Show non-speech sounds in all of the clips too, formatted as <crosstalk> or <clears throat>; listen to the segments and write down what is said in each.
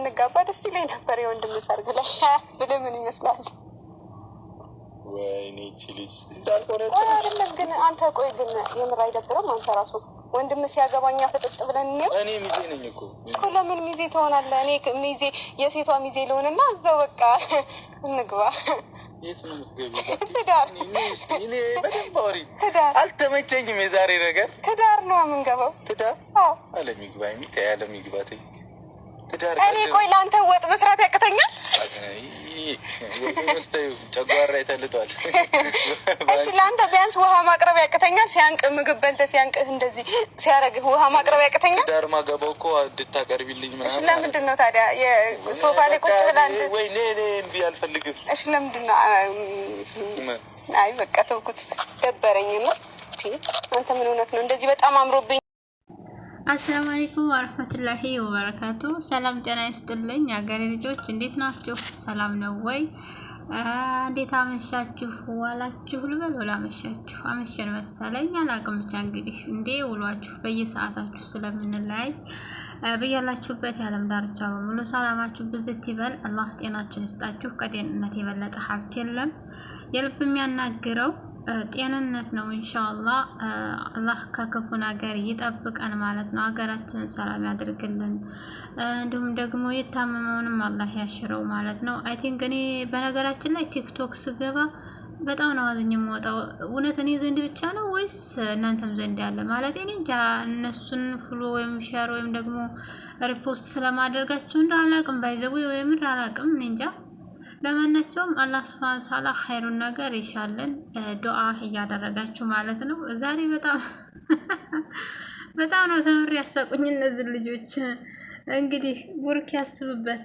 ብንጋባ ደስ ይለኝ ነበር። የወንድም ሰርግ ላይ ብለህ ምን ይመስላል? ወይኔ ይቺ ልጅ አይደለም ግን አንተ ቆይ ግን የምር አይደብረም? አንተ ራሱ ወንድም ሲያገባኛ ፍጥጥ ብለን እኔ ሚዜ ነኝ እኮ ለምን ሚዜ ትሆናለህ? እኔ ሚዜ የሴቷ ሚዜ ልሆንና እዛው በቃ <laughs> እንግባ። <laughs> አልተመቸኝም። የዛሬ ነገር ትዳር ነው የምንገባው። ትዳር አለሚግባ የሚታይ አለሚግባት እኔ ቆይ ለአንተ ወጥ መስራት ያቅተኛል። ጨጓራ ተልጧል። እሺ ለአንተ ቢያንስ ውሃ ማቅረብ ያቅተኛል። ሲያንቅ ምግብ በልተ ሲያንቅ እንደዚህ ሲያደርግህ ውሃ ማቅረብ ያቅተኛል። ዳር ማገባው እኮ እንድታቀርቢልኝ ምናምን። እሺ ለምንድን ነው ታዲያ የሶፋ ላይ ቁጭ ብላ ወይ ኔ እምቢ አልፈልግም። እሺ ለምንድን ነው? አይ በቃ ተውኩት፣ ደበረኝ ነው። አንተ ምን እውነት ነው እንደዚህ በጣም አምሮብኝ አሰላሙ አለይኩም ወረህመቱላሂ ወበረካቱ። ሰላም ጤና ይስጥልኝ አገሬ ልጆች፣ እንዴት ናችሁ? ሰላም ነው ወይ? እንዴት አመሻችሁ? ዋላችሁ ልበል ወላ አመሻችሁ? አመሸን መሰለኝ አላቅም። ብቻ እንግዲህ እንዴ ውሏችሁ በየሰዓታችሁ ስለምንለያይ በያላችሁበት የዓለም ዳርቻ በሙሉ ሰላማችሁ ብዝት ይበል። አላህ ጤናችሁን ይስጣችሁ። ከጤንነት የበለጠ ሀብት የለም። የልብ የሚያናግረው ጤንነት ነው። እንሻላ አላህ ከክፉ ነገር ይጠብቀን ማለት ነው። ሀገራችንን ሰላም ያድርግልን። እንዲሁም ደግሞ የታመመውንም አላህ ያሽረው ማለት ነው። አይ ቲንክ እኔ በነገራችን ላይ ቲክቶክ ስገባ በጣም ነው አዝኝ የምወጣው። እውነት እኔ ዘንድ ብቻ ነው ወይስ እናንተም ዘንድ ያለ ማለት እኔ እንጃ። እነሱን ፍሎ ወይም ሸር ወይም ደግሞ ሪፖስት ስለማደርጋቸው እንደ አላቅም ባይዘው አላቅም እኔ እንጃ ለማናቸውም አላህ ሱብሃነሁ ወተዓላ ኸይሩን ነገር ይሻልን ዱአ እያደረጋችሁ ማለት ነው። ዛሬ በጣም <laughs> በጣም ነው ተምር ያሳቁኝ እነዚህ ልጆች። እንግዲህ ቡርክ ያስብበት።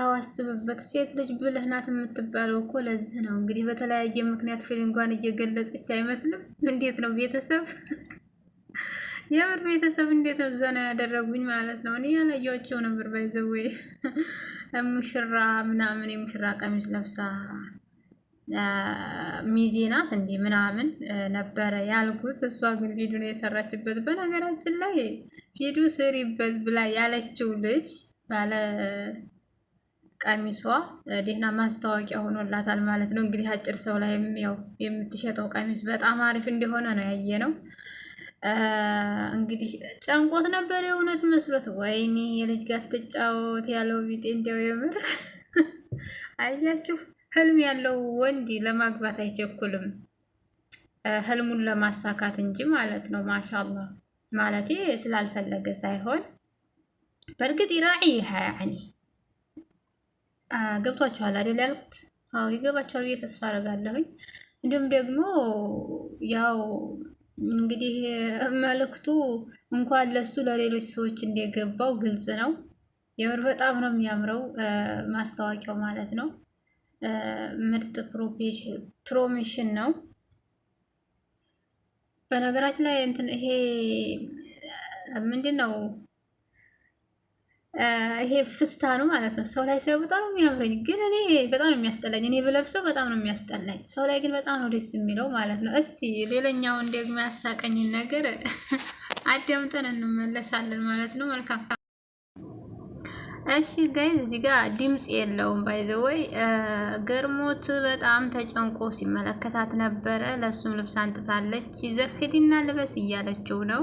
አዎ አስብበት። ሴት ልጅ ብልህ ናት የምትባለው እኮ ለዚህ ነው። እንግዲህ በተለያየ ምክንያት ፊሊንጓን እየገለጸች አይመስልም። እንዴት ነው ቤተሰብ የምር ቤተሰብ እንዴት ዘና ያደረጉኝ ማለት ነው። እኔ ያላየኋቸው ነበር። ባይዘዌ ሙሽራ ምናምን የሙሽራ ቀሚስ ለብሳ ሚዜ ናት እንዴ ምናምን ነበረ ያልኩት። እሷ ግን ቪዲዮ ነው የሰራችበት። በነገራችን ላይ ቪዲዮ ስሪበት ብላ ያለችው ልጅ ባለ ቀሚሷ ደህና ማስታወቂያ ሆኖላታል ማለት ነው። እንግዲህ አጭር ሰው ላይ ያው የምትሸጠው ቀሚስ በጣም አሪፍ እንደሆነ ነው ያየ ነው። እንግዲህ ጨንቆት ነበር የእውነት መስሎት፣ ወይኔ የልጅ ጋር ትጫወት ያለው ቢጤ እንዲያው የምር <laughs> አያችሁ፣ ህልም ያለው ወንድ ለማግባት አይቸኩልም፣ ህልሙን ለማሳካት እንጂ ማለት ነው። ማሻላ ማለት ስላልፈለገ ሳይሆን በእርግጥ ራዒ ያኒ ገብቷችኋል አይደል ያልኩት? አዎ ይገባችኋል ብዬ ተስፋ አደርጋለሁኝ። እንዲሁም ደግሞ ያው እንግዲህ መልእክቱ እንኳን ለሱ ለሌሎች ሰዎች እንደገባው ግልጽ ነው። የምር በጣም ነው የሚያምረው ማስታወቂያው ማለት ነው። ምርጥ ፕሮሚሽን ነው። በነገራችን ላይ እንትን ይሄ ምንድን ነው ይሄ ፍስታ ነው ማለት ነው። ሰው ላይ ሳይሆን በጣም ነው የሚያምረኝ፣ ግን እኔ በጣም ነው የሚያስጠላኝ። እኔ ብለብሰው በጣም ነው የሚያስጠላኝ። ሰው ላይ ግን በጣም ነው ደስ የሚለው ማለት ነው። እስቲ ሌላኛውን ደግሞ ያሳቀኝን ነገር <laughs> አዳምጠን እንመለሳለን ማለት ነው። መልካም እሺ ጋይዝ፣ እዚህ ጋር ድምፅ የለውም። ባይዘወይ ገርሞት በጣም ተጨንቆ ሲመለከታት ነበረ። ለእሱም ልብስ አንጥታለች። ዘፌዲና ልበስ እያለችው ነው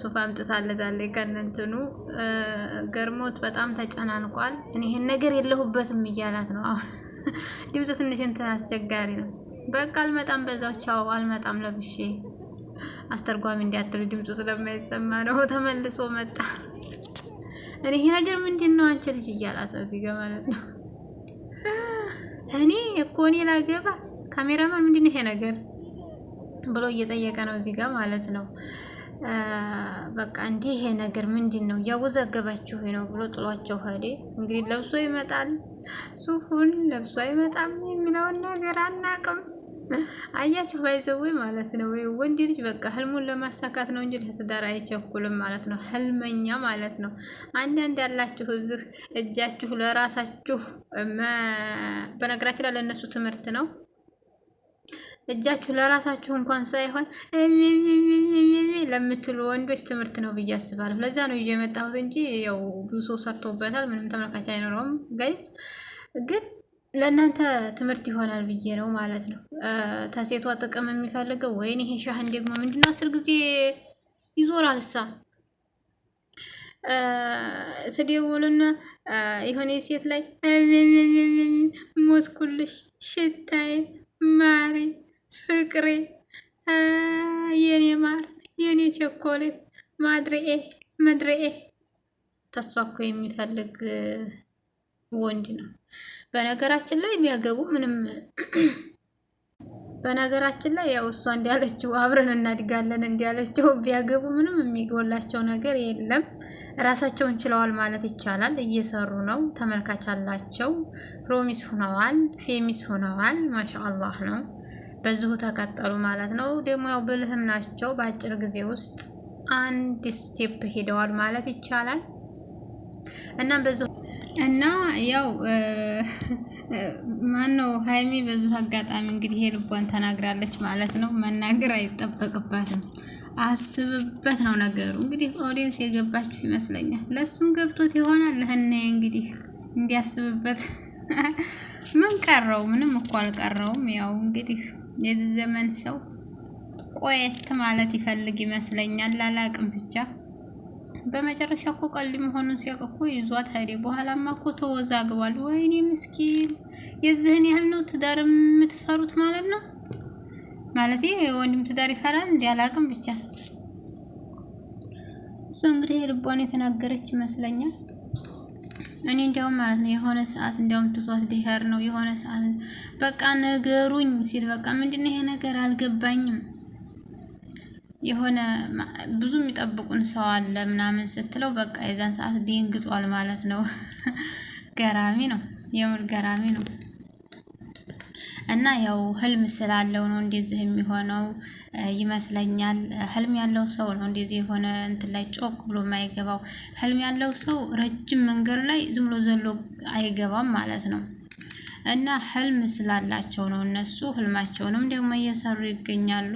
ሶፋ አምጥታለታለች ከነንትኑ ገርሞት በጣም ተጨናንቋል። እኔ ይሄን ነገር የለሁበትም እያላት ነው። አሁን <laughs> ድምፅ ትንሽ እንትን አስቸጋሪ ነው። በቃ አልመጣም፣ በዛው ቻው፣ አልመጣም ለብሼ አስተርጓሚ እንዲያትሉ ድምፁ ስለማይሰማ ነው። <laughs> ተመልሶ መጣ። እኔ ይሄ ነገር ምንድን ነው አንቺ ልጅ እያላት ነው እዚህ ጋር ማለት ነው። <laughs> እኔ እኮ እኔ ላገባ ካሜራማን ምንድን ነው ይሄ ነገር ብሎ እየጠየቀ ነው እዚህ ጋር ማለት ነው። በቃ እንዲህ ይሄ ነገር ምንድን ነው እያወዛገባችሁ ነው ብሎ ጥሏቸው ሄደ። እንግዲህ ለብሶ ይመጣል ሱፉን ለብሶ አይመጣም የሚለውን ነገር አናቅም። አያችሁ ባይዘዌ ማለት ነው። ወንድ ልጅ በቃ ህልሙን ለማሳካት ነው እንጂ ለትዳር አይቸኩልም ማለት ነው። ህልመኛ ማለት ነው። አንዳንድ ያላችሁ እዚህ እጃችሁ ለራሳችሁ በነገራችን ላይ ለእነሱ ትምህርት ነው እጃችሁ ለራሳችሁ እንኳን ሳይሆን ለምትሉ ወንዶች ትምህርት ነው ብዬ አስባለሁ። ለዛ ነው የመጣሁት እንጂ ያው ብዙ ሰው ሰርቶበታል፣ ምንም ተመልካች አይኖረውም። ጋይስ ግን ለእናንተ ትምህርት ይሆናል ብዬ ነው ማለት ነው። ተሴቷ ጥቅም የሚፈልገው ወይን ይሄ ሻህን ደግሞ ምንድነው አስር ጊዜ ይዞራል እሳ ትደውሉና የሆነ ሴት ላይ ሞትኩልሽ ሽታይ ማሪ ፍቅሬ የኔ ማር የኔ ቸኮሌት ማድሬኤ መድሬኤ ተሷኮ የሚፈልግ ወንድ ነው። በነገራችን ላይ ቢያገቡ ምንም <clears throat> በነገራችን ላይ ያው እሷ እንዲያለችው አብረን እናድጋለን እንዲያለችው ቢያገቡ ምንም የሚጎላቸው ነገር የለም። ራሳቸውን ችለዋል ማለት ይቻላል። እየሰሩ ነው። ተመልካች አላቸው። ፕሮሚስ ሆነዋል፣ ፌሚስ ሆነዋል። ማሻአላህ ነው። በዚሁ ተቀጠሉ ማለት ነው። ደግሞ ያው ብልህም ናቸው። በአጭር ጊዜ ውስጥ አንድ ስቴፕ ሄደዋል ማለት ይቻላል። እና በዚሁ እና ያው ማን ነው ሀይሚ በዚሁ አጋጣሚ እንግዲህ የልቧን ተናግራለች ማለት ነው። መናገር አይጠበቅባትም። አስብበት ነው ነገሩ። እንግዲህ ኦዲየንስ የገባችሁ ይመስለኛል። ለእሱም ገብቶት ይሆናል። ለህና እንግዲህ እንዲያስብበት ምን ቀረው? ምንም እኮ አልቀረውም። ያው እንግዲህ የዚህ ዘመን ሰው ቆየት ማለት ይፈልግ ይመስለኛል። ላላቅም ብቻ በመጨረሻ እኮ ቀልድ መሆኑን ሲያውቅ እኮ ይዟት ሄደ። በኋላማ እኮ ተወዛግቧል። ወይኔ ምስኪን! የዚህን ያህል ነው ትዳር የምትፈሩት ማለት ነው? ማለት ወንድም ትዳር ይፈራል እንዲ? አላቅም ብቻ እሱ እንግዲህ ልቧን የተናገረች ይመስለኛል። እኔ እንዲያውም ማለት ነው የሆነ ሰዓት እንዲያውም ትቷት ሊሄድ ነው የሆነ ሰዓት በቃ ነገሩኝ ሲል በቃ ምንድነው ይሄ ነገር አልገባኝም የሆነ ብዙ የሚጠብቁን ሰው አለ ምናምን ስትለው በቃ የዛን ሰዓት ዲንግጧል ማለት ነው። <laughs> ገራሚ ነው የምር ገራሚ ነው። እና ያው ህልም ስላለው ነው እንደዚህ የሚሆነው ይመስለኛል። ህልም ያለው ሰው ነው እንደዚህ የሆነ እንትን ላይ ጮክ ብሎ የማይገባው። ህልም ያለው ሰው ረጅም መንገድ ላይ ዝም ብሎ ዘሎ አይገባም ማለት ነው። እና ህልም ስላላቸው ነው እነሱ ህልማቸውንም ደግሞ እየሰሩ ይገኛሉ።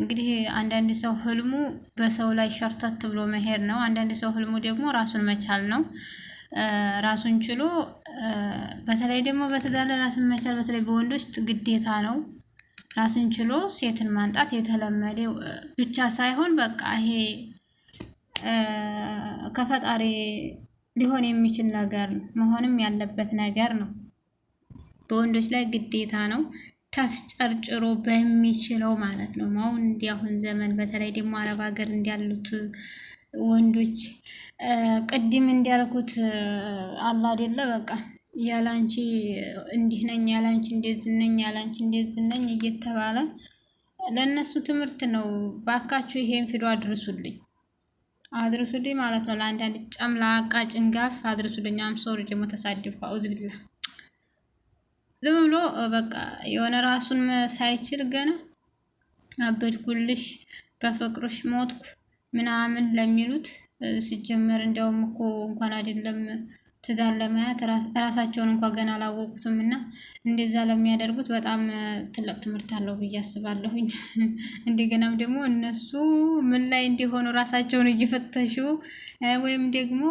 እንግዲህ አንዳንድ ሰው ህልሙ በሰው ላይ ሸርተት ብሎ መሄድ ነው። አንዳንድ ሰው ህልሙ ደግሞ ራሱን መቻል ነው። ራሱን ችሎ በተለይ ደግሞ በትዳር ላይ ራስን መቻል በተለይ በወንዶች ግዴታ ነው። ራስን ችሎ ሴትን ማንጣት የተለመደ ብቻ ሳይሆን በቃ ይሄ ከፈጣሪ ሊሆን የሚችል ነገር መሆንም ያለበት ነገር ነው። በወንዶች ላይ ግዴታ ነው። ከፍ ጨርጭሮ በሚችለው ማለት ነው። አሁን እንዲህ አሁን ዘመን በተለይ ደግሞ አረብ ሀገር እንዲያሉት ወንዶች ቅድም እንዲያልኩት አላ አይደለ በቃ ያላንቺ እንዲህ ነኝ ያላንቺ እንደዚህ ነኝ ያላንቺ እንደዚህ ነኝ እየተባለ ለእነሱ ትምህርት ነው። ባካችሁ ይሄን ፊዶ አድርሱልኝ አድርሱልኝ ማለት ነው። ለአንዳንድ ጨምላቃ ጭንጋፍ አድርሱልኝ። አም ሶሪ ደግሞ ተሳድብኩ። አውዝ ብላ ዝም ብሎ በቃ የሆነ ራሱን ሳይችል ገና አበድኩልሽ፣ በፍቅሮሽ ሞትኩ ምናምን ለሚሉት ሲጀመር እንዲያውም እኮ እንኳን አይደለም ትዳር ለመያዝ ራሳቸውን እንኳ ገና አላወቁትም እና እንደዛ ለሚያደርጉት በጣም ትልቅ ትምህርት አለው ብዬ አስባለሁኝ። <laughs> እንደገናም ደግሞ እነሱ ምን ላይ እንዲሆኑ ራሳቸውን እየፈተሹ ወይም ደግሞ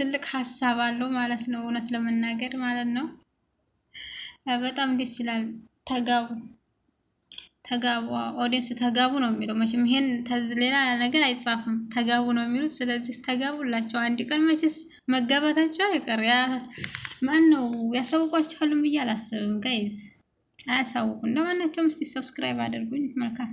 ትልቅ ሀሳብ አለው ማለት ነው፣ እውነት ለመናገር ማለት ነው። በጣም ደስ ይላል። ተጋቡ። ተጋቡ ኦዲየንስ ተጋቡ ነው የሚለው። መቼም ይሄን ሌላ ነገር አይጻፍም፣ ተጋቡ ነው የሚሉት። ስለዚህ ተጋቡላቸው አንድ ቀን መቼስ መጋባታቸው አይቀር። ማን ነው ያሳውቋቸዋልን ብዬ አላስብም። ጋይዝ አያሳውቁ እንደማናቸውም። እስቲ ሰብስክራይብ አድርጉኝ። መልካም